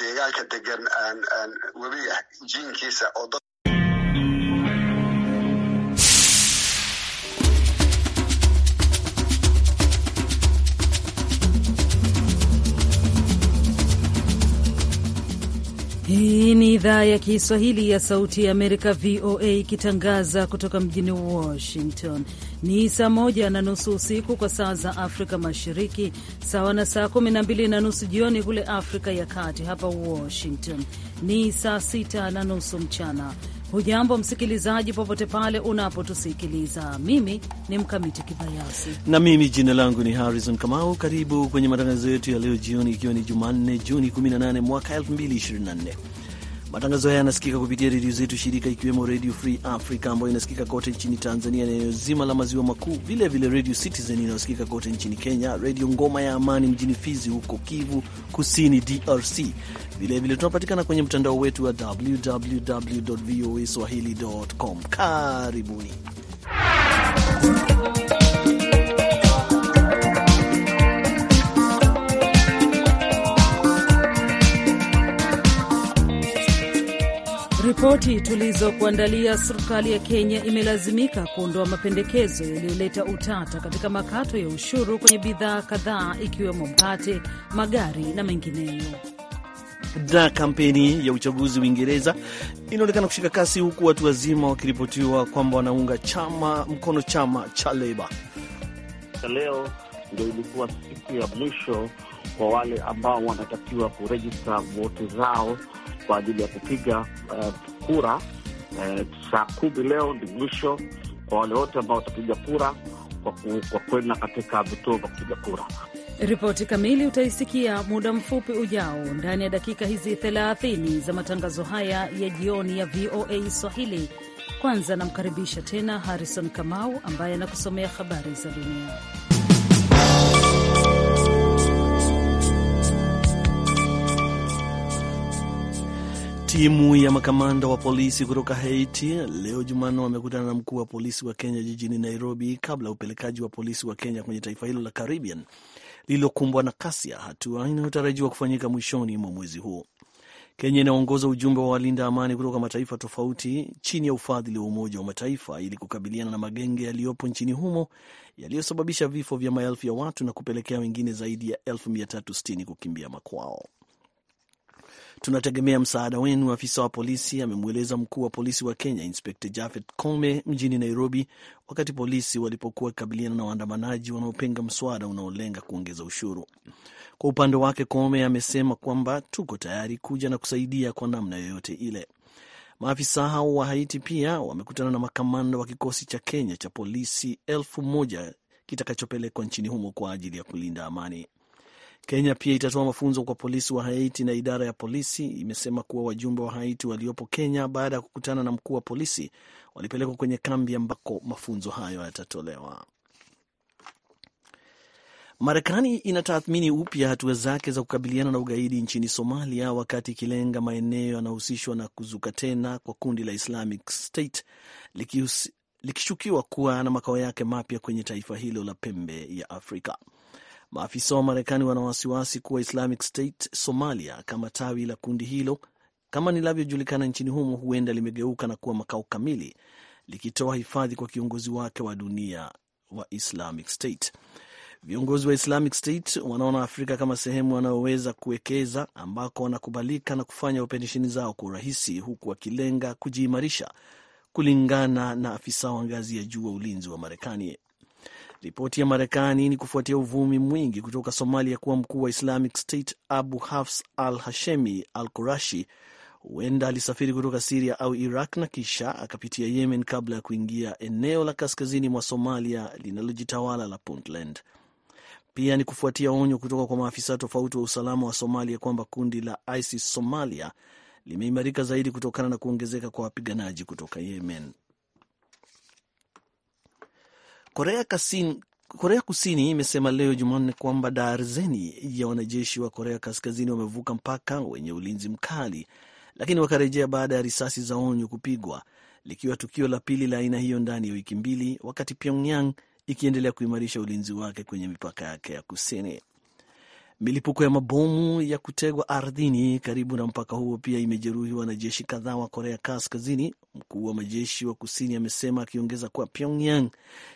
deegaanka degan webi ah jiinkiisa oo Hii ni idhaa ya Kiswahili ya Sauti ya Amerika, VOA, ikitangaza kutoka mjini Washington. Ni saa moja na nusu usiku kwa saa za Afrika Mashariki, sawa na saa kumi na mbili na nusu jioni kule Afrika ya Kati. Hapa Washington ni saa sita na nusu mchana. Hujambo msikilizaji, popote pale unapotusikiliza. Mimi ni Mkamiti Kibayasi na mimi jina langu ni Harrison Kamau. Karibu kwenye matangazo yetu ya leo jioni, ikiwa ni Jumanne Juni 18 mwaka 2024. Matangazo haya yanasikika kupitia redio zetu shirika, ikiwemo Redio Free Africa ambayo inasikika kote nchini Tanzania na eneo zima la maziwa makuu, vilevile Redio Citizen inayosikika kote nchini Kenya, Redio Ngoma ya Amani mjini Fizi huko Kivu Kusini, DRC. Vilevile tunapatikana kwenye mtandao wetu wa www voa swahili com. Karibuni. Ripoti tulizokuandalia, serikali ya Kenya imelazimika kuondoa mapendekezo yaliyoleta utata katika makato ya ushuru kwenye bidhaa kadhaa ikiwemo mkate, magari na mengineyo. Na kampeni ya uchaguzi Uingereza inaonekana kushika kasi, huku watu wazima wakiripotiwa kwamba wanaunga chama mkono chama cha Leba. Leo ndio ilikuwa siku ya mwisho kwa wale ambao wanatakiwa kurejista vote zao kwa ajili ya kupiga uh, kura uh, saa kumi leo ndi mwisho kwa wale wote ambao watapiga kura kwa, kwa kwenda katika vituo vya kupiga kura. Ripoti kamili utaisikia muda mfupi ujao ndani ya dakika hizi 30 za matangazo haya ya jioni ya VOA Swahili. Kwanza namkaribisha tena Harrison Kamau ambaye anakusomea habari za dunia. Timu ya makamanda wa polisi kutoka Haiti leo Jumanne wamekutana na mkuu wa polisi wa Kenya jijini Nairobi kabla ya upelekaji wa polisi wa Kenya kwenye taifa hilo la Caribbean lililokumbwa na kasia, hatua inayotarajiwa kufanyika mwishoni mwa mwezi huu. Kenya inaongoza ujumbe wa walinda amani kutoka mataifa tofauti chini ya ufadhili wa Umoja wa Mataifa ili kukabiliana na magenge yaliyopo nchini humo yaliyosababisha vifo vya maelfu ya watu na kupelekea wengine zaidi ya elfu mia tatu sitini kukimbia makwao tunategemea msaada wenu, afisa wa polisi amemweleza mkuu wa polisi wa Kenya Inspekta Jafet Kome mjini Nairobi, wakati polisi walipokuwa wakikabiliana na waandamanaji wanaopinga mswada unaolenga kuongeza ushuru. Kwa upande wake, Kome amesema kwamba tuko tayari kuja na kusaidia kwa namna yoyote ile. Maafisa hao wa Haiti pia wamekutana na makamanda wa kikosi cha Kenya cha polisi elfu moja kitakachopelekwa nchini humo kwa ajili ya kulinda amani. Kenya pia itatoa mafunzo kwa polisi wa Haiti na idara ya polisi imesema kuwa wajumbe wa Haiti waliopo Kenya baada ya kukutana na mkuu wa polisi walipelekwa kwenye kambi ambako mafunzo hayo yatatolewa. Marekani inatathmini upya hatua zake za kukabiliana na ugaidi nchini Somalia, wakati ikilenga maeneo yanahusishwa na kuzuka tena kwa kundi la Islamic State likishukiwa kuwa na makao yake mapya kwenye taifa hilo la pembe ya Afrika. Maafisa wa Marekani wana wasiwasi kuwa Islamic State Somalia kama tawi la kundi hilo kama linavyojulikana nchini humo huenda limegeuka na kuwa makao kamili likitoa hifadhi kwa kiongozi wake wa dunia wa Islamic State. Viongozi wa Islamic State wanaona Afrika kama sehemu wanayoweza kuwekeza ambako wanakubalika na kufanya operesheni zao kwa urahisi, huku wakilenga kujiimarisha, kulingana na afisa wa ngazi ya juu wa ulinzi wa Marekani. Ripoti ya Marekani ni kufuatia uvumi mwingi kutoka Somalia kuwa mkuu wa Islamic State Abu Hafs al Hashemi al Qurashi huenda alisafiri kutoka Siria au Iraq na kisha akapitia Yemen kabla ya kuingia eneo la kaskazini mwa Somalia linalojitawala la Puntland. Pia ni kufuatia onyo kutoka kwa maafisa tofauti wa usalama wa Somalia kwamba kundi la ISIS Somalia limeimarika zaidi kutokana na kuongezeka kwa wapiganaji kutoka Yemen. Korea Kusini, Korea Kusini imesema leo Jumanne kwamba darzeni ya wanajeshi wa Korea Kaskazini wamevuka mpaka wenye ulinzi mkali, lakini wakarejea baada ya risasi za onyo kupigwa, likiwa tukio la pili la aina hiyo ndani ya wiki mbili, wakati Pyongyang ikiendelea kuimarisha ulinzi wake kwenye mipaka yake ya kusini. Milipuko ya mabomu ya kutegwa ardhini karibu na mpaka huo pia imejeruhi wanajeshi kadhaa wa Korea Kaskazini, mkuu wa majeshi wa kusini amesema, akiongeza kuwa Pyongyang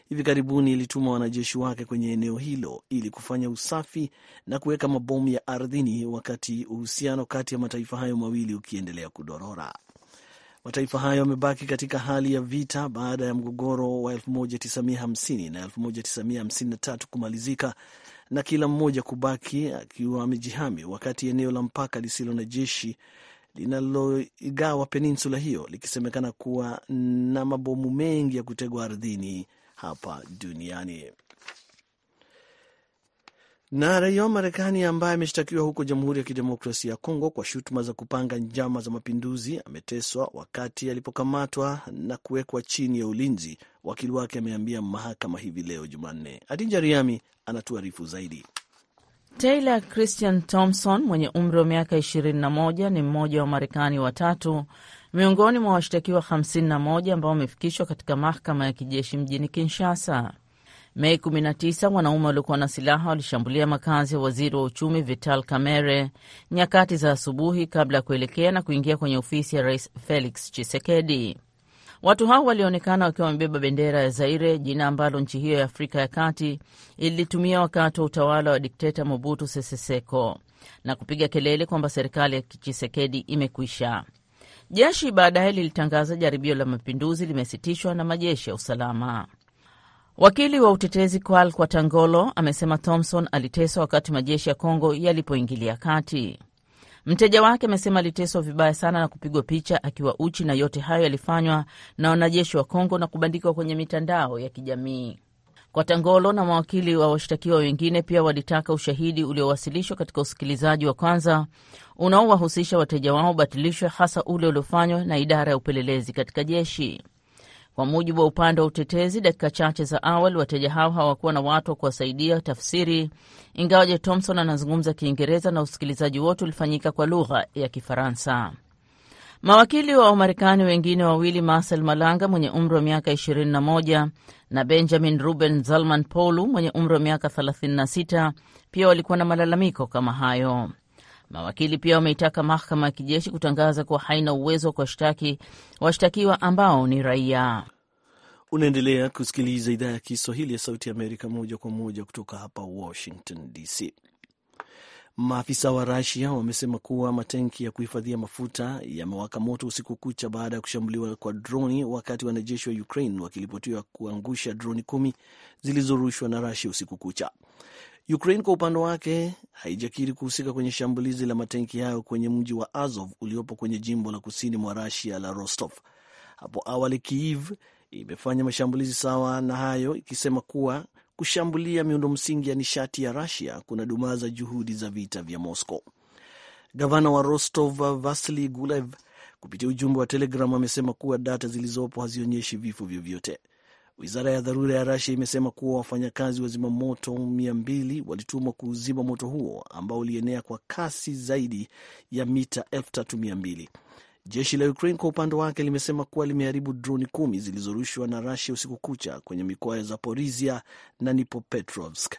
hivi karibuni ilituma wanajeshi wake kwenye eneo hilo ili kufanya usafi na kuweka mabomu ya ardhini, wakati uhusiano kati ya mataifa hayo mawili ukiendelea kudorora. Mataifa hayo yamebaki katika hali ya vita baada ya mgogoro wa 1950 na 1953 kumalizika na kila mmoja kubaki akiwa amejihami, wakati eneo la mpaka lisilo na jeshi linaloigawa peninsula hiyo likisemekana kuwa na mabomu mengi ya kutegwa ardhini hapa duniani na raia wa Marekani ambaye ameshtakiwa huko Jamhuri ya Kidemokrasia ya Kongo kwa shutuma za kupanga njama za mapinduzi ameteswa wakati alipokamatwa na kuwekwa chini ya ulinzi, wakili wake ameambia mahakama hivi leo Jumanne. Adinja Riami anatuarifu zaidi. Taylor Christian Thompson mwenye umri wa miaka 21 ni mmoja wa Marekani watatu miongoni mwa washtakiwa 51 ambao wamefikishwa katika mahakama ya kijeshi mjini Kinshasa. Mei 19 wanaume waliokuwa na silaha walishambulia makazi ya waziri wa uchumi Vital Kamerhe nyakati za asubuhi kabla ya kuelekea na kuingia kwenye ofisi ya rais Felix Tshisekedi. Watu hao walionekana wakiwa wamebeba bendera ya Zaire, jina ambalo nchi hiyo ya Afrika ya Kati ilitumia wakati wa utawala wa dikteta Mobutu Sese Seko na kupiga kelele kwamba serikali ya Tshisekedi imekwisha. Jeshi baadaye lilitangaza jaribio la mapinduzi limesitishwa na majeshi ya usalama. Wakili wa utetezi Kwal Kwatangolo amesema Thompson aliteswa wakati majeshi ya Kongo yalipoingilia kati. Mteja wake amesema aliteswa vibaya sana na kupigwa picha akiwa uchi, na yote hayo yalifanywa na wanajeshi wa Kongo na kubandikwa kwenye mitandao ya kijamii. Kwatangolo na mawakili wa washtakiwa wengine pia walitaka ushahidi uliowasilishwa katika usikilizaji wa kwanza unaowahusisha wateja wao ubatilishwe, hasa ule uliofanywa na idara ya upelelezi katika jeshi. Kwa mujibu wa upande wa utetezi, dakika chache za awali wateja hao hawakuwa na watu wa kuwasaidia tafsiri, ingawaje Thompson anazungumza Kiingereza na usikilizaji wote ulifanyika kwa lugha ya Kifaransa. Mawakili wa Wamarekani wengine wawili, Marcel Malanga mwenye umri wa miaka 21 na Benjamin Ruben Zalman Polu mwenye umri wa miaka 36, pia walikuwa na malalamiko kama hayo. Mawakili pia wameitaka mahakama ya kijeshi kutangaza kuwa haina uwezo wa kuwashtaki washtakiwa ambao ni raia. Unaendelea kusikiliza idhaa ya Kiswahili ya Sauti ya Amerika moja kwa moja kutoka hapa Washington DC. Maafisa wa Rasia wamesema kuwa matenki ya kuhifadhia mafuta yamewaka moto usiku kucha baada ya kushambuliwa kwa droni, wakati wanajeshi wa Ukraine wakiripotiwa kuangusha droni kumi zilizorushwa na Rasia usiku kucha. Ukraine kwa upande wake haijakiri kuhusika kwenye shambulizi la matenki hayo kwenye mji wa Azov uliopo kwenye jimbo la kusini mwa Rusia la Rostov. Hapo awali Kiev imefanya mashambulizi sawa na hayo ikisema kuwa kushambulia miundo msingi ya nishati ya Rusia kuna dumaza juhudi za vita vya Moscow. Gavana wa Rostov vasili Gulev kupitia ujumbe wa Telegram amesema kuwa data zilizopo hazionyeshi vifo vyovyote. Wizara ya dharura ya Rasia imesema kuwa wafanyakazi wa zimamoto mia mbili walitumwa kuzima moto huo ambao ulienea kwa kasi zaidi ya mita elfu tatu mia mbili. Jeshi la Ukraine kwa upande wake limesema kuwa limeharibu droni kumi zilizorushwa na Rasia usiku kucha kwenye mikoa ya zaporisia na Nipopetrovsk.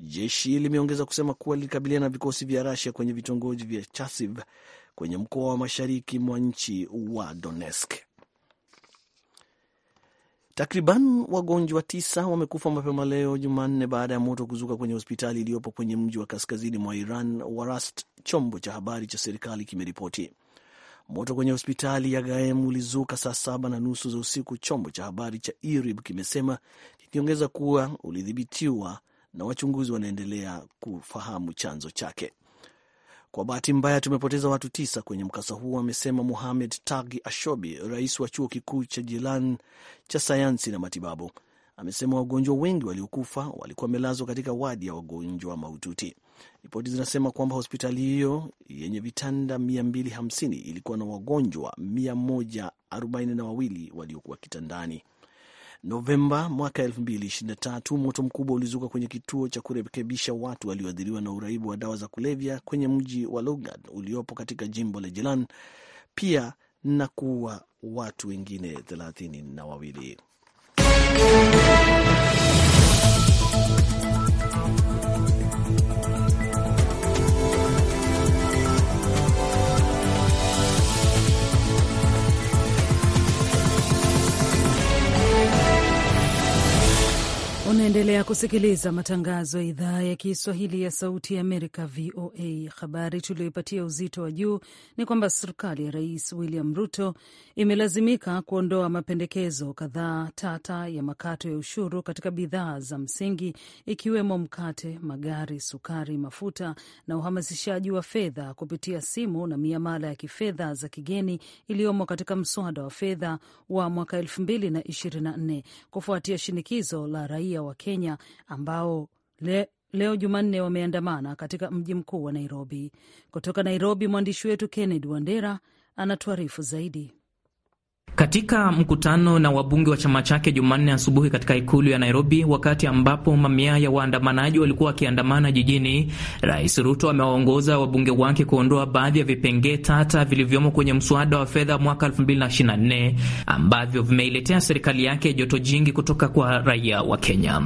Jeshi limeongeza kusema kuwa lilikabiliana na vikosi vya Rasia kwenye vitongoji vya Chasiv kwenye mkoa wa mashariki mwa nchi wa Donetsk. Takriban wagonjwa tisa wamekufa mapema leo Jumanne baada ya moto kuzuka kwenye hospitali iliyopo kwenye mji wa kaskazini mwa Iran wa Rast, chombo cha habari cha serikali kimeripoti. Moto kwenye hospitali ya Gaem ulizuka saa saba na nusu za usiku, chombo cha habari cha IRIB kimesema kikiongeza kuwa ulidhibitiwa na wachunguzi wanaendelea kufahamu chanzo chake. Kwa bahati mbaya tumepoteza watu tisa kwenye mkasa huo, amesema muhamed tagi Ashobi, rais wa chuo kikuu cha Jilan cha sayansi na matibabu. Amesema wagonjwa wengi waliokufa walikuwa wamelazwa katika wadi ya wagonjwa mahututi. Ripoti zinasema kwamba hospitali hiyo yenye vitanda 250 ilikuwa na wagonjwa 142 waliokuwa kitandani. Novemba mwaka 2023 moto mkubwa ulizuka kwenye kituo cha kurekebisha watu walioathiriwa na uraibu wa dawa za kulevya kwenye mji wa Logan uliopo katika jimbo la Jalan, pia na kuua watu wengine thelathini na wawili. Unaendelea kusikiliza matangazo ya idhaa ya Kiswahili ya Sauti ya Amerika, VOA. Habari tuliyoipatia uzito wa juu ni kwamba serikali ya Rais William Ruto imelazimika kuondoa mapendekezo kadhaa tata ya makato ya ushuru katika bidhaa za msingi, ikiwemo mkate, magari, sukari, mafuta na uhamasishaji wa fedha kupitia simu na miamala ya kifedha za kigeni iliyomo katika mswada wa fedha wa mwaka 2024 kufuatia shinikizo la raia raia wa Kenya ambao le, leo Jumanne wameandamana katika mji mkuu wa Nairobi. Kutoka Nairobi, mwandishi wetu Kennedy Wandera anatuarifu zaidi. Katika mkutano na wabunge wa chama chake Jumanne asubuhi katika ikulu ya Nairobi, wakati ambapo mamia ya waandamanaji walikuwa wakiandamana jijini, Rais Ruto amewaongoza wabunge wake kuondoa baadhi ya vipengee tata vilivyomo kwenye mswada wa fedha mwaka 2024 ambavyo vimeiletea serikali yake joto jingi kutoka kwa raia wa Kenya.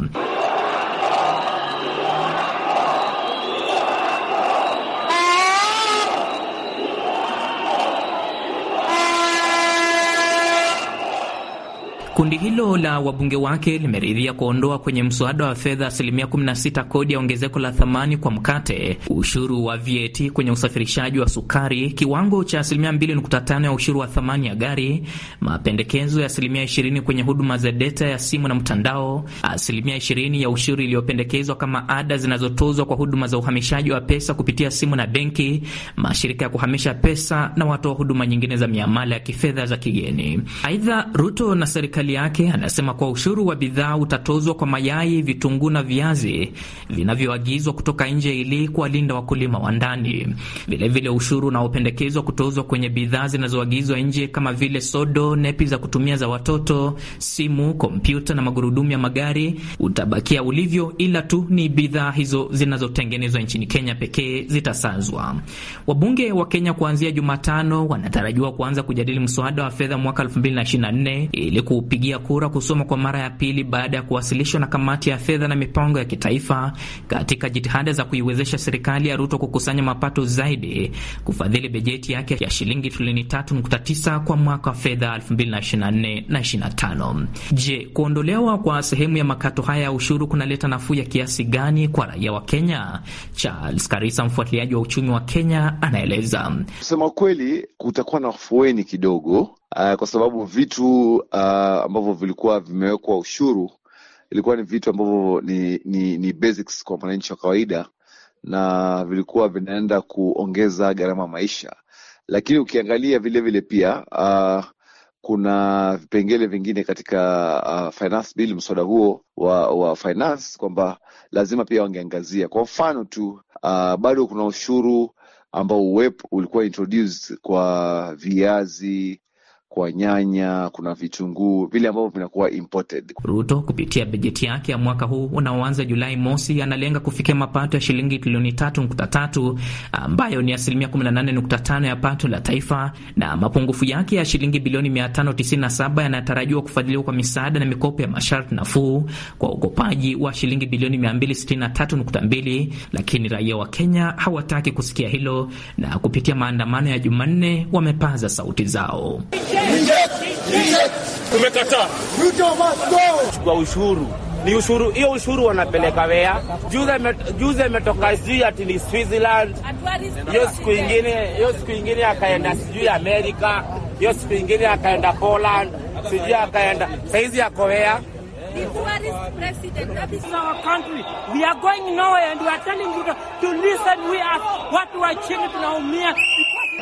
Kundi hilo la wabunge wake limeridhia kuondoa kwenye mswada wa fedha asilimia 16 kodi ya ongezeko la thamani kwa mkate, ushuru wa VAT kwenye usafirishaji wa sukari, kiwango cha asilimia 2.5 ya ushuru wa thamani ya gari, mapendekezo ya asilimia 20 kwenye huduma za deta ya simu na mtandao, asilimia 20 ya ushuru iliyopendekezwa kama ada zinazotozwa kwa huduma za uhamishaji wa pesa kupitia simu na benki, mashirika ya kuhamisha pesa na watoa huduma nyingine za miamala ya kifedha za kigeni. Aidha, Ruto na serikali serikali yake anasema kuwa ushuru wa bidhaa utatozwa kwa mayai, vitunguu na viazi vinavyoagizwa kutoka nje ili kuwalinda wakulima wa ndani. Vilevile, ushuru unaopendekezwa kutozwa kwenye bidhaa zinazoagizwa nje kama vile sodo, nepi za kutumia za watoto, simu, kompyuta na magurudumu ya magari utabakia ulivyo, ila tu ni bidhaa hizo zinazotengenezwa nchini Kenya pekee zitasazwa. Wabunge wa Kenya kuanzia Jumatano wanatarajiwa kuanza kujadili mswada wa fedha mwaka 2024 ili kuupiga kupigia kura kusoma kwa mara ya pili baada ya kuwasilishwa na kamati ya fedha na mipango ya kitaifa katika jitihada za kuiwezesha serikali ya Ruto kukusanya mapato zaidi kufadhili bajeti yake ya shilingi trilioni 3.9 kwa mwaka wa fedha 2024 na 25. Je, kuondolewa kwa sehemu ya makato haya ya ushuru kunaleta nafuu ya kiasi gani kwa raia wa Kenya? Charles Karisa, mfuatiliaji wa uchumi wa Kenya, anaeleza. Kusema kweli, kutakuwa na afueni kidogo uh, kwa sababu vitu uh, ambavyo vilikuwa vimewekwa ushuru ilikuwa ni vitu ambavyo ni, ni, ni basics kwa mwananchi wa kawaida na vilikuwa vinaenda kuongeza gharama maisha, lakini ukiangalia vilevile vile pia uh, kuna vipengele vingine katika uh, finance bill, mswada huo wa, wa finance kwamba lazima pia wangeangazia. Kwa mfano tu uh, bado kuna ushuru ambao uwepo ulikuwa introduced kwa viazi kwa nyanya, kuna vitunguu vile ambavyo vinakuwa imported. Ruto kupitia bajeti yake ya mwaka huu unaoanza Julai mosi analenga kufikia mapato ya shilingi trilioni tatu nukta tatu ambayo ni asilimia 18.5 ya pato la taifa, na mapungufu yake ya shilingi bilioni 597 yanatarajiwa kufadhiliwa kwa misaada na mikopo ya masharti nafuu kwa ukopaji wa shilingi bilioni 263.2, lakini raia wa Kenya hawataki kusikia hilo na kupitia maandamano ya Jumanne wamepaza sauti zao tumekataa ushuru ni ushuru hiyo ushuru wanapeleka wea. juze ametoka sijui ati ni Switzerland, hiyo siku ingine hiyo siku ingine akaenda sijui Amerika, hiyo siku ingine akaenda Poland, sijui akaenda saizi yako wea. Tunaumia.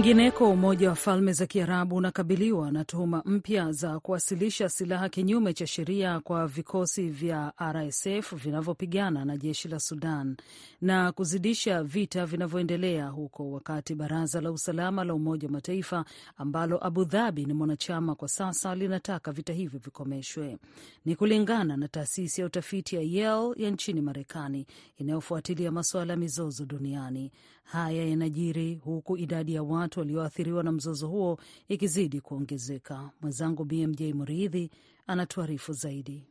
Kwingineko, Umoja wa Falme za Kiarabu unakabiliwa na tuhuma mpya za kuwasilisha silaha kinyume cha sheria kwa vikosi vya RSF vinavyopigana na jeshi la Sudan na kuzidisha vita vinavyoendelea huko, wakati Baraza la Usalama la Umoja wa Mataifa ambalo Abu Dhabi ni mwanachama kwa sasa linataka vita hivyo vikomeshwe. Ni kulingana na taasisi ya utafiti ya Yale ya nchini Marekani inayofuatilia masuala ya mizozo duniani. Haya yanajiri huku idadi ya watu walioathiriwa na mzozo huo ikizidi kuongezeka. Mwenzangu BMJ Mridhi anatuarifu zaidi.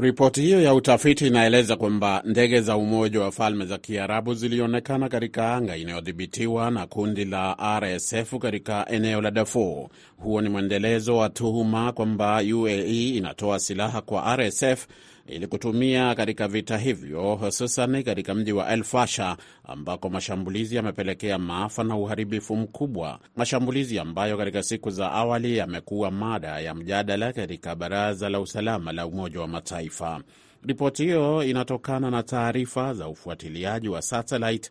Ripoti hiyo ya utafiti inaeleza kwamba ndege za Umoja wa Falme za Kiarabu zilionekana katika anga inayodhibitiwa na kundi la RSF katika eneo la Darfur. Huo ni mwendelezo wa tuhuma kwamba UAE inatoa silaha kwa RSF ili kutumia katika vita hivyo, hususan katika mji wa El Fasha ambako mashambulizi yamepelekea maafa na uharibifu mkubwa, mashambulizi ambayo katika siku za awali yamekuwa mada ya mjadala katika Baraza la Usalama la Umoja wa Mataifa. Ripoti hiyo inatokana na taarifa za ufuatiliaji wa satellite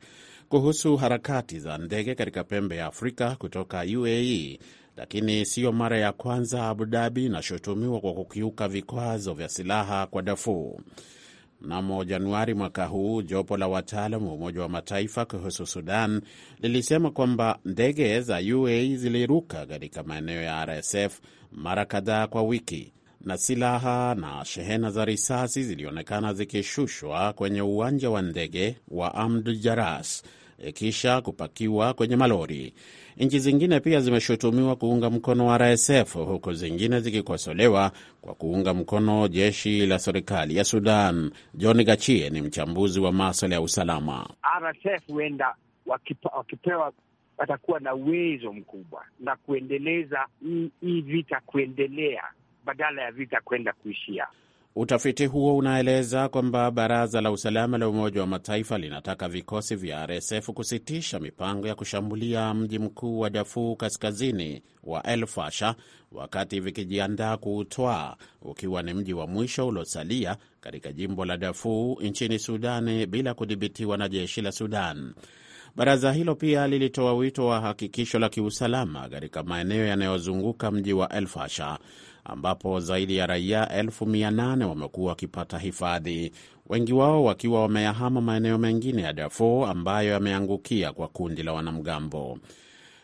kuhusu harakati za ndege katika pembe ya Afrika kutoka UAE lakini siyo mara ya kwanza Abu Dhabi inashutumiwa kwa kukiuka vikwazo vya silaha kwa Darfur. Mnamo Januari mwaka huu, jopo la wataalam wa Umoja wa Mataifa kuhusu Sudan lilisema kwamba ndege za UA ziliruka katika maeneo ya RSF mara kadhaa kwa wiki na silaha na shehena za risasi zilionekana zikishushwa kwenye uwanja wa ndege wa amdu Jaras E, kisha kupakiwa kwenye malori. Nchi zingine pia zimeshutumiwa kuunga mkono RSF huku zingine zikikosolewa kwa kuunga mkono jeshi la serikali ya Sudan. John Gachie ni mchambuzi wa maswala ya usalama. RSF huenda wakipewa watakuwa na uwezo mkubwa na kuendeleza hii vita kuendelea badala ya vita kwenda kuishia. Utafiti huo unaeleza kwamba baraza la usalama la Umoja wa Mataifa linataka vikosi vya RSF kusitisha mipango ya kushambulia mji mkuu wa Darfur kaskazini wa El Fasha wakati vikijiandaa kuutwaa, ukiwa ni mji wa mwisho uliosalia katika jimbo la Darfur nchini Sudani bila kudhibitiwa na jeshi la Sudan. Baraza hilo pia lilitoa wito wa hakikisho la kiusalama katika maeneo yanayozunguka mji wa El ambapo zaidi ya raia elfu mia nane wamekuwa wakipata hifadhi, wengi wao wakiwa wameyahama maeneo mengine ya Darfur ambayo yameangukia kwa kundi la wanamgambo.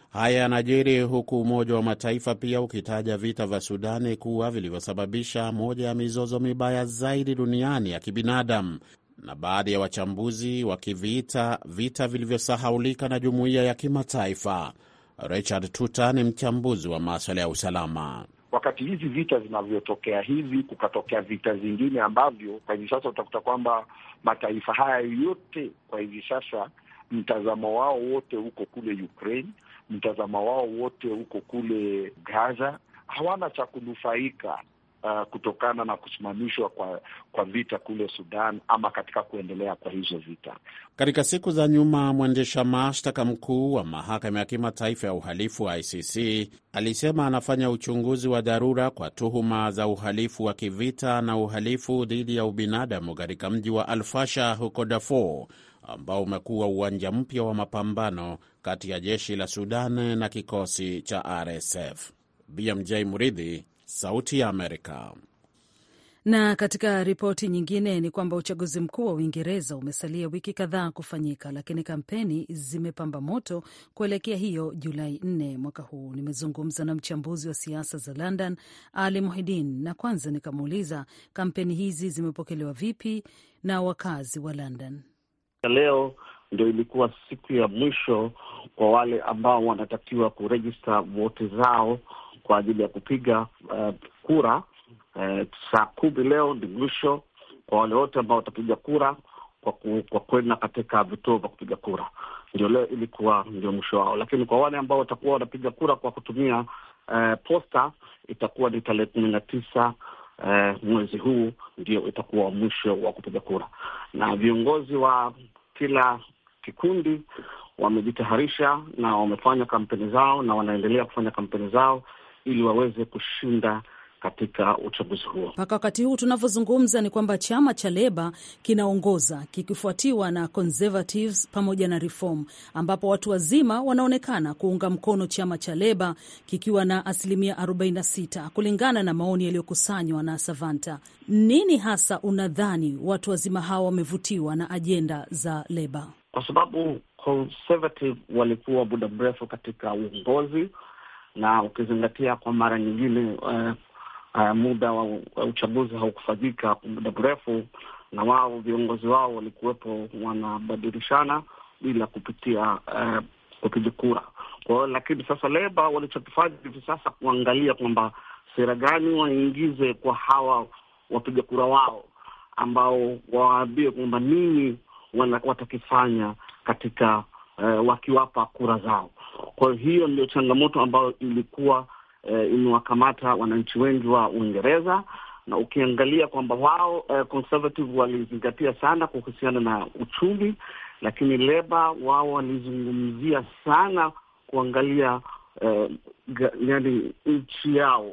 Haya yanajiri huku Umoja wa Mataifa pia ukitaja vita vya Sudani kuwa vilivyosababisha moja ya mizozo mibaya zaidi duniani ya kibinadamu, na baadhi ya wachambuzi wakiviita vita vilivyosahaulika na jumuiya ya kimataifa. Richard Tuta ni mchambuzi wa maswala ya usalama. Wakati hizi vita zinavyotokea hivi, kukatokea vita zingine ambavyo kwa hivi sasa utakuta kwamba mataifa haya yote kwa hivi sasa mtazamo wao wote huko kule Ukraine, mtazamo wao wote huko kule Gaza, hawana cha kunufaika uh, kutokana na kusimamishwa kwa, kwa vita kule Sudan ama katika kuendelea kwa hizo vita. Katika siku za nyuma, mwendesha mashtaka mkuu wa mahakama ya kimataifa ya uhalifu wa ICC alisema anafanya uchunguzi wa dharura kwa tuhuma za uhalifu wa kivita na uhalifu dhidi ya ubinadamu katika mji wa Alfasha huko Darfur ambao umekuwa uwanja mpya wa mapambano kati ya jeshi la Sudan na kikosi cha RSF. BMJ Muridhi, Sauti ya Amerika. Na katika ripoti nyingine ni kwamba uchaguzi mkuu wa Uingereza umesalia wiki kadhaa kufanyika, lakini kampeni zimepamba moto kuelekea hiyo Julai 4 mwaka huu. Nimezungumza na mchambuzi wa siasa za London, Ali Muhidin, na kwanza nikamuuliza kampeni hizi zimepokelewa vipi na wakazi wa London. Leo ndo ilikuwa siku ya mwisho kwa wale ambao wanatakiwa kurejista voti zao kwa ajili ya kupiga uh, kura uh, saa kumi leo ni mwisho kwa wale wote ambao watapiga kura kwa, ku, kwa kwenda katika vituo vya kupiga kura. Ndio leo ilikuwa ndio mwisho wao, lakini kwa wale ambao watakuwa wanapiga kura kwa kutumia uh, posta itakuwa ni tarehe kumi na tisa uh, mwezi huu ndio itakuwa mwisho wa kupiga kura, na viongozi wa kila kikundi wamejitayarisha na wamefanya kampeni zao na wanaendelea kufanya kampeni zao ili waweze kushinda katika uchaguzi huo. Mpaka wakati huu tunavyozungumza, ni kwamba chama cha Leba kinaongoza kikifuatiwa na Conservatives pamoja na Reform, ambapo watu wazima wanaonekana kuunga mkono chama cha Leba kikiwa na asilimia 46 kulingana na maoni yaliyokusanywa na Savanta. Nini hasa unadhani watu wazima hawa wamevutiwa na ajenda za Leba? Kwa sababu Conservative walikuwa muda mrefu katika uongozi na ukizingatia kwa mara nyingine uh, uh, muda wa uchaguzi haukufanyika kwa muda mrefu, na wao viongozi wao walikuwepo wanabadilishana bila kupitia uh, kupiga kura kwao. Lakini sasa Leba walichokifanya hivi sasa kuangalia kwamba sera gani waingize kwa hawa wapiga kura wao, ambao wawaambie kwamba nini watakifanya katika eh, wakiwapa kura zao. Kwa hiyo ndio changamoto ambayo ilikuwa eh, imewakamata wananchi wengi wa Uingereza, na ukiangalia kwamba wao eh, conservative walizingatia sana kuhusiana na uchumi, lakini leba wao walizungumzia sana kuangalia eh, yani nchi yao,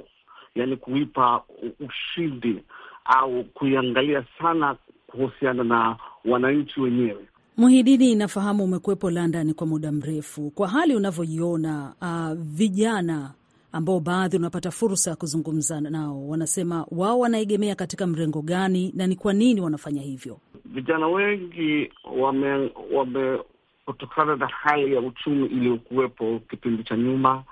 yani kuipa ushindi au kuiangalia sana kuhusiana na wananchi wenyewe. Muhidini, inafahamu umekuwepo London kwa muda mrefu, kwa hali unavyoiona, uh, vijana ambao baadhi unapata fursa ya kuzungumza nao, wanasema wao wanaegemea katika mrengo gani na ni kwa nini wanafanya hivyo? Vijana wengi wame, wame kutokana na hali ya uchumi iliyokuwepo kipindi cha nyuma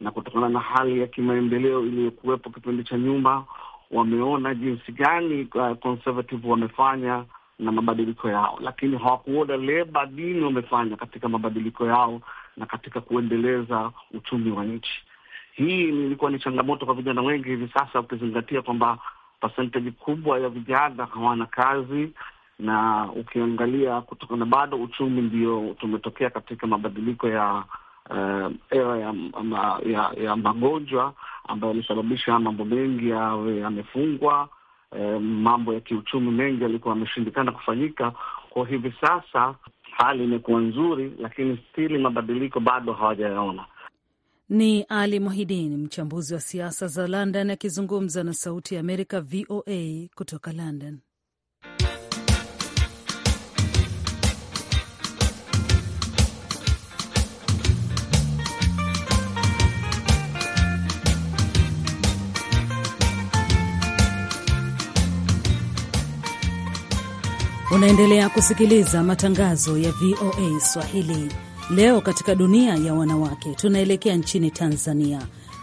na kutokana na hali ya kimaendeleo iliyokuwepo kipindi cha nyuma, wameona jinsi gani uh, conservative wamefanya na mabadiliko yao, lakini hawakuona leba nini wamefanya katika mabadiliko yao na katika kuendeleza uchumi wa nchi. Hii ilikuwa ni changamoto kwa vijana wengi hivi sasa, ukizingatia kwamba pasenteji kubwa ya vijana hawana kazi, na ukiangalia kutokana, bado uchumi ndio tumetokea katika mabadiliko ya Uh, era ya, ya, ya magonjwa ambayo yamesababisha mambo mengi yawe yamefungwa Eh, mambo ya kiuchumi mengi yalikuwa yameshindikana kufanyika. Kwa hivi sasa hali imekuwa nzuri, lakini stili mabadiliko bado hawajayaona. Ni Ali Muhidin, mchambuzi wa siasa za London, akizungumza na Sauti ya Amerika VOA kutoka London. Unaendelea kusikiliza matangazo ya VOA Swahili. Leo katika dunia ya wanawake, tunaelekea nchini Tanzania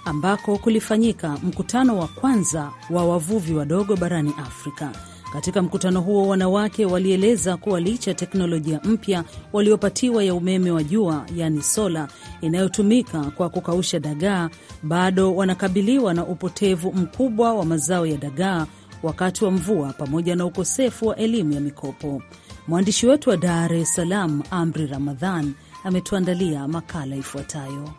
ambako kulifanyika mkutano wa kwanza wa wavuvi wadogo barani Afrika. Katika mkutano huo wanawake walieleza kuwa licha ya teknolojia mpya waliopatiwa ya umeme wa jua, yani sola, inayotumika kwa kukausha dagaa, bado wanakabiliwa na upotevu mkubwa wa mazao ya dagaa wakati wa mvua pamoja na ukosefu wa elimu ya mikopo. Mwandishi wetu wa Dar es Salaam, Amri Ramadhan, ametuandalia makala ifuatayo.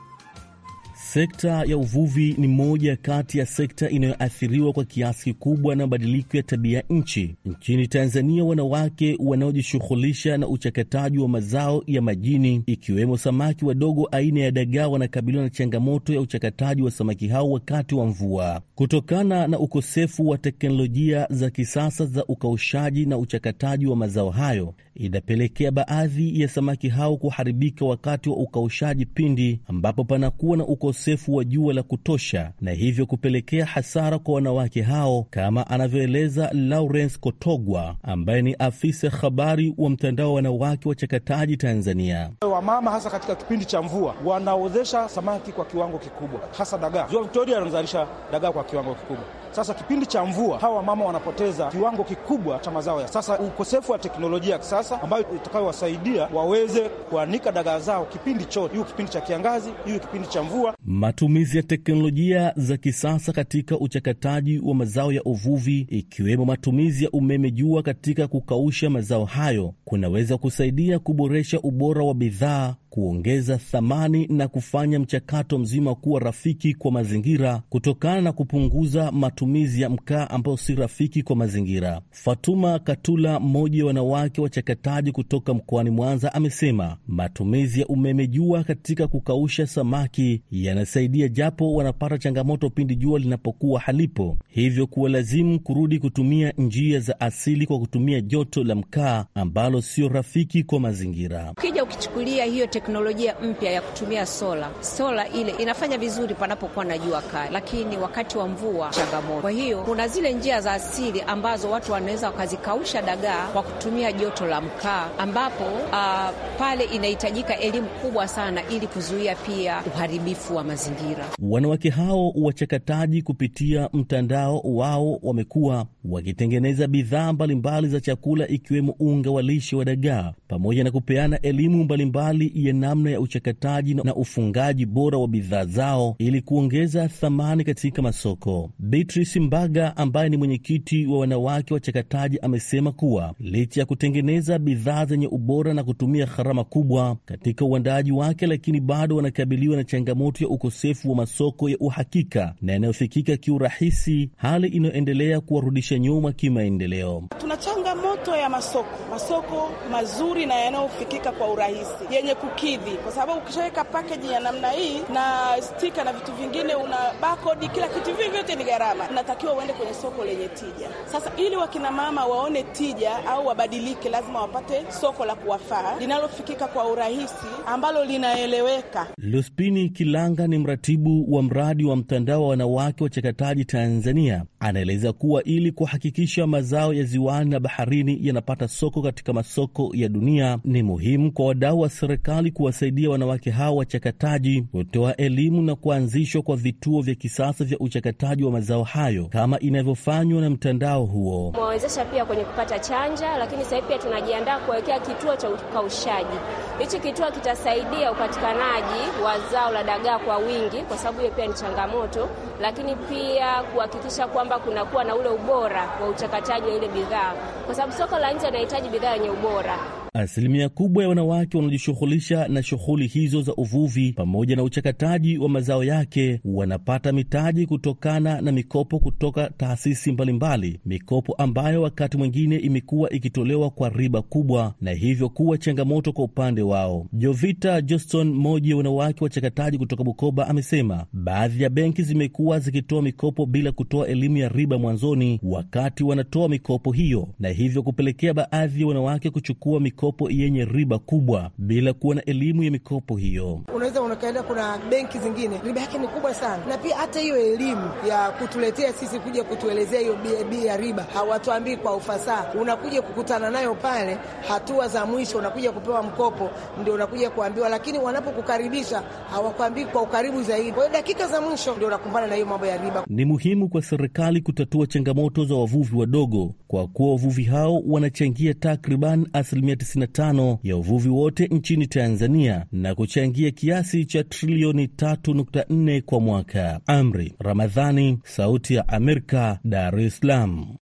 Sekta ya uvuvi ni moja kati ya sekta inayoathiriwa kwa kiasi kikubwa na mabadiliko ya tabia nchi. Nchini Tanzania, wanawake wanaojishughulisha na uchakataji wa mazao ya majini ikiwemo samaki wadogo aina ya dagaa wanakabiliwa na changamoto ya uchakataji wa samaki hao wakati wa mvua, kutokana na ukosefu wa teknolojia za kisasa za ukaushaji na uchakataji wa mazao hayo inapelekea baadhi ya samaki hao kuharibika wakati wa ukaushaji, pindi ambapo panakuwa na ukosefu wa jua la kutosha, na hivyo kupelekea hasara kwa wanawake hao, kama anavyoeleza Lawrence Kotogwa ambaye ni afisa habari wa mtandao wa wanawake wachakataji Tanzania. Wamama hasa katika kipindi cha mvua wanaozesha samaki kwa kiwango kikubwa, hasa dagaa. Ziwa Victoria anazalisha dagaa kwa kiwango kikubwa sasa kipindi cha mvua, hawa mama wanapoteza kiwango kikubwa cha mazao ya sasa. Ukosefu wa teknolojia ya kisasa ambayo itakayowasaidia waweze kuanika dagaa zao kipindi chote, iwe kipindi cha kiangazi, hiyo kipindi cha mvua. Matumizi ya teknolojia za kisasa katika uchakataji wa mazao ya uvuvi, ikiwemo matumizi ya umeme jua katika kukausha mazao hayo, kunaweza kusaidia kuboresha ubora wa bidhaa kuongeza thamani na kufanya mchakato mzima kuwa rafiki kwa mazingira kutokana na kupunguza matumizi ya mkaa ambayo si rafiki kwa mazingira. Fatuma Katula, mmoja wa wanawake wachakataji kutoka mkoani Mwanza, amesema matumizi ya umeme jua katika kukausha samaki yanasaidia, japo wanapata changamoto pindi jua linapokuwa halipo, hivyo kuwalazimu kurudi kutumia njia za asili kwa kutumia joto la mkaa ambalo sio rafiki kwa mazingira. Ukija ukichukulia hiyo teknolojia mpya ya kutumia sola. Sola ile inafanya vizuri panapokuwa na jua kali, lakini wakati wa mvua changamoto. Kwa hiyo kuna zile njia za asili ambazo watu wanaweza wakazikausha dagaa kwa kutumia joto la mkaa, ambapo uh, pale inahitajika elimu kubwa sana ili kuzuia pia uharibifu wa mazingira. Wanawake hao wachakataji kupitia mtandao wao wamekuwa wakitengeneza bidhaa mbalimbali za chakula ikiwemo unga wa lishe wa dagaa pamoja na kupeana elimu mbalimbali ya namna ya uchakataji na ufungaji bora wa bidhaa zao ili kuongeza thamani katika masoko. Beatrice Mbaga ambaye ni mwenyekiti wa wanawake wachakataji amesema kuwa licha ya kutengeneza bidhaa zenye ubora na kutumia gharama kubwa katika uandaaji wake, lakini bado wanakabiliwa na changamoto ya ukosefu wa masoko ya uhakika na yanayofikika kiurahisi, hali inayoendelea kuwarudisha nyuma kimaendeleo. Tuna changamoto ya masoko, masoko mazuri na yanayofikika kwa urahisi yenye kuki kukidhi, kwa sababu ukishaweka pakeji ya namna hii na stika na vitu vingine, una bakodi, kila kitu, vyote ni gharama. Unatakiwa uende kwenye soko lenye tija. Sasa ili wakinamama waone tija au wabadilike, lazima wapate soko la kuwafaa linalofikika kwa urahisi ambalo linaeleweka. Luspini Kilanga ni mratibu wa mradi wa mtandao wa wanawake wachakataji Tanzania Anaeleza kuwa ili kuhakikisha mazao ya ziwani na baharini yanapata soko katika masoko ya dunia, ni muhimu kwa wadau wa serikali kuwasaidia wanawake hawa wachakataji, kutoa elimu na kuanzishwa kwa vituo vya kisasa vya uchakataji wa mazao hayo kama inavyofanywa na mtandao huo. Mwawezesha pia kwenye kupata chanja, lakini sahii pia tunajiandaa kuwekea kituo cha ukaushaji. Hichi kituo kitasaidia upatikanaji wa zao la dagaa kwa wingi, kwa sababu hiyo pia ni changamoto, lakini pia kuhakikisha kwamba kwamba kunakuwa na ule ubora wa uchakataji wa ile bidhaa, kwa sababu soko la nje anahitaji bidhaa yenye ubora. Asilimia kubwa ya wanawake wanaojishughulisha na shughuli hizo za uvuvi pamoja na uchakataji wa mazao yake wanapata mitaji kutokana na mikopo kutoka taasisi mbalimbali, mikopo ambayo wakati mwingine imekuwa ikitolewa kwa riba kubwa na hivyo kuwa changamoto kwa upande wao. Jovita Johnston, mmoja ya wanawake wachakataji kutoka Bukoba, amesema baadhi ya benki zimekuwa zikitoa mikopo bila kutoa elimu ya riba mwanzoni wakati wanatoa mikopo hiyo, na hivyo kupelekea baadhi ya wanawake kuchukua mikopo mikopo yenye riba kubwa bila kuwa na elimu ya mikopo hiyo. Unaweza unakaenda, kuna benki zingine riba yake ni kubwa sana, na pia hata hiyo elimu ya kutuletea sisi kuja kutuelezea hiyo bb ya riba hawatuambii kwa ufasaha. Unakuja kukutana nayo pale hatua za mwisho, unakuja kupewa mkopo, ndio unakuja kuambiwa, lakini wanapokukaribisha hawakuambii kwa ukaribu zaidi. Kwa hiyo dakika za mwisho ndio unakumbana na hiyo mambo ya riba. Ni muhimu kwa serikali kutatua changamoto za wavuvi wadogo, kwa kuwa wavuvi hao wanachangia takriban asilimia 35 ya uvuvi wote nchini Tanzania na kuchangia kiasi cha trilioni 3.4 kwa mwaka. Amri Ramadhani, Sauti ya Amerika, Dar es Salaam.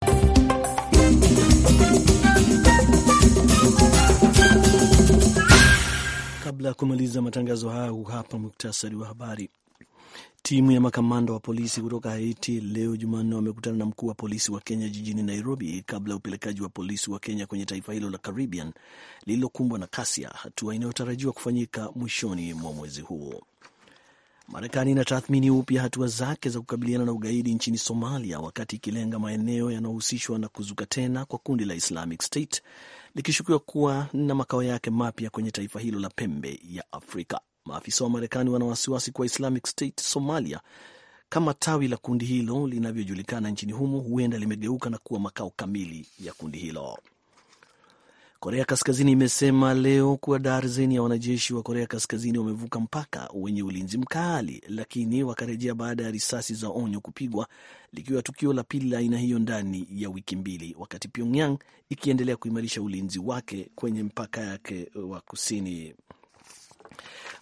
Kabla ya kumaliza matangazo haya, hapa muktasari wa habari. Timu ya makamanda wa polisi kutoka Haiti leo Jumanne wamekutana na mkuu wa polisi wa Kenya jijini Nairobi kabla ya upelekaji wa polisi wa Kenya kwenye taifa hilo la Caribbean lililokumbwa na kasia, hatua inayotarajiwa kufanyika mwishoni mwa mwezi huo. Marekani inatathmini upya hatua zake za kukabiliana na ugaidi nchini Somalia, wakati ikilenga maeneo yanayohusishwa na kuzuka tena kwa kundi la Islamic State likishukiwa kuwa na makao yake mapya kwenye taifa hilo la pembe ya Afrika. Maafisa wa Marekani wana wasiwasi kwa Islamic State Somalia kama tawi la kundi hilo linavyojulikana nchini humo huenda limegeuka na kuwa makao kamili ya kundi hilo. Korea Kaskazini imesema leo kuwa darzeni ya wanajeshi wa Korea Kaskazini wamevuka mpaka wenye ulinzi mkali, lakini wakarejea baada ya risasi za onyo kupigwa, likiwa tukio la pili la aina hiyo ndani ya wiki mbili, wakati Pyongyang ikiendelea kuimarisha ulinzi wake kwenye mpaka yake wa kusini.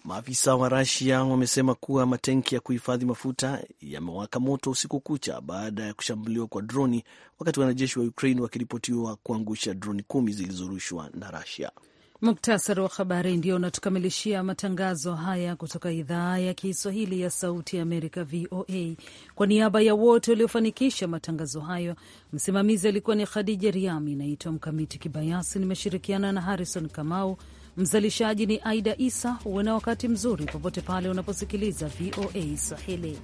Maafisa wa Rasia wamesema kuwa matenki ya kuhifadhi mafuta yamewaka moto usiku kucha baada ya kushambuliwa kwa droni, wakati wanajeshi wa Ukraine wakiripotiwa kuangusha droni kumi zilizorushwa na Rasia. Muktasari wa habari ndio unatukamilishia matangazo haya kutoka idhaa ya Kiswahili ya Sauti ya Amerika, VOA. Kwa niaba ya wote waliofanikisha matangazo hayo, msimamizi alikuwa ni Khadija Riami. Naitwa Mkamiti Kibayasi, nimeshirikiana na Harrison Kamau. Mzalishaji ni Aida Isa. Uwe na wakati mzuri popote pale unaposikiliza VOA Swahili.